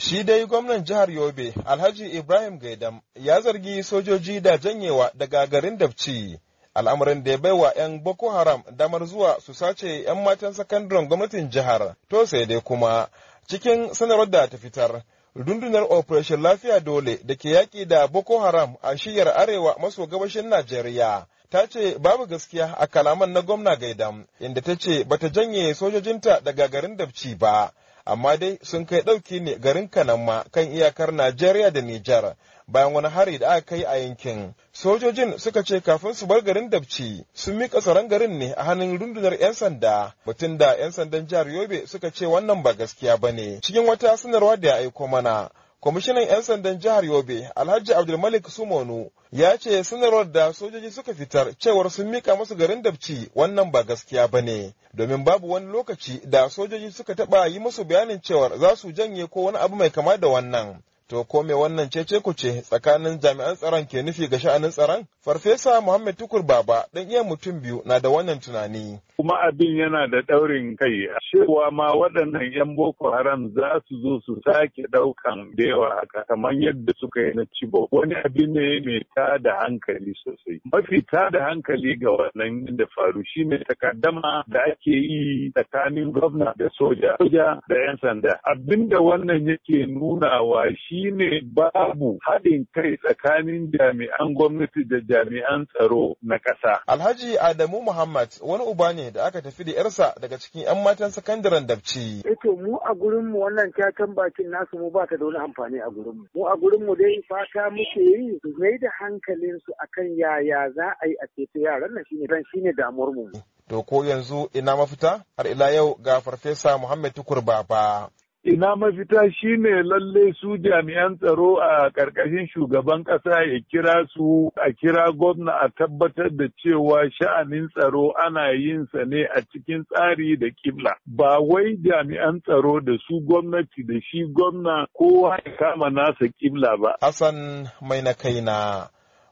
Shi dai gwamnan jihar Yobe, Alhaji Ibrahim Gaidam, ya zargi sojoji da janyewa daga garin Dabci, al'amarin da ya bai wa 'yan Boko Haram damar zuwa su sace 'yan matan sakandaren gwamnatin jihar, to sai dai kuma cikin sanarwar da ta fitar. rundunar operation lafiya dole da ke yaƙi da boko haram a shiyar arewa maso gabashin najeriya ta ce babu gaskiya a kalaman na gwamna gaidam inda ta ce bata janye sojojinta daga garin dabci ba amma dai sun kai ɗauki ne garin kanamma kan iyakar najeriya da nijar bayan wani hari da aka kai a yankin sojojin suka ce kafin su bar garin dabci sun mika tsaron garin ne a hannun rundunar 'yan sanda mutum da 'yan sandan jihar yobe suka ce wannan ba gaskiya ba ne cikin wata sanarwa da ya aiko mana kwamishinan 'yan sandan jihar yobe alhaji abdulmalik sumonu ya ce sanarwar da sojoji suka fitar cewar sun mika masu garin dabci wannan ba gaskiya ba ne domin babu wani lokaci da sojoji suka taɓa yi musu bayanin cewar za su janye ko wani abu mai kama da wannan To ko me wannan cece ce tsakanin jami'an tsaron ke nufi ga sha'anin tsaron? Farfesa Muhammad Tukur Baba dan iya mutum biyu na da wannan tunani. Kuma abin yana da ɗaurin kai cewa ma waɗannan 'yan Boko Haram za su zo su sake ɗaukan da yawa haka kamar yadda suka yi na Cibo. Wani abin ne mai ta da hankali sosai. Mafi ta da hankali ga wannan da faru shine takaddama da ake yi tsakanin gwamna da soja, soja da 'yan sanda. Abin da wannan yake nunawa shi shine babu haɗin kai tsakanin jami'an gwamnati da jami'an tsaro na ƙasa. Alhaji Adamu Muhammad wani uba ne da aka tafi da yarsa daga cikin 'yan matan sakandaren dabci. Eto eh mu a gurinmu wannan kyakkyan bakin nasu mu ba ta da wani amfani a gurinmu. mu. a gurinmu mu dai fata muke yi su mai da hankalin su akan yaya za a yi a ceto yaran nan shine dan shine damuwar mu. To ko yanzu ina mafita har ila yau ga farfesa Muhammad Tukur Baba. ina mafita shine lalle su jami'an tsaro a ƙarƙashin shugaban ƙasa ya kira su a kira gwamna a tabbatar da cewa sha'anin tsaro ana yin sa ne a cikin tsari da kibla ba wai jami'an tsaro da su gwamnati da shi gwamna kowa ya kama nasa kibla ba hassan mai na kai na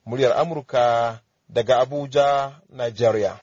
muryar amurka daga abuja Najeriya.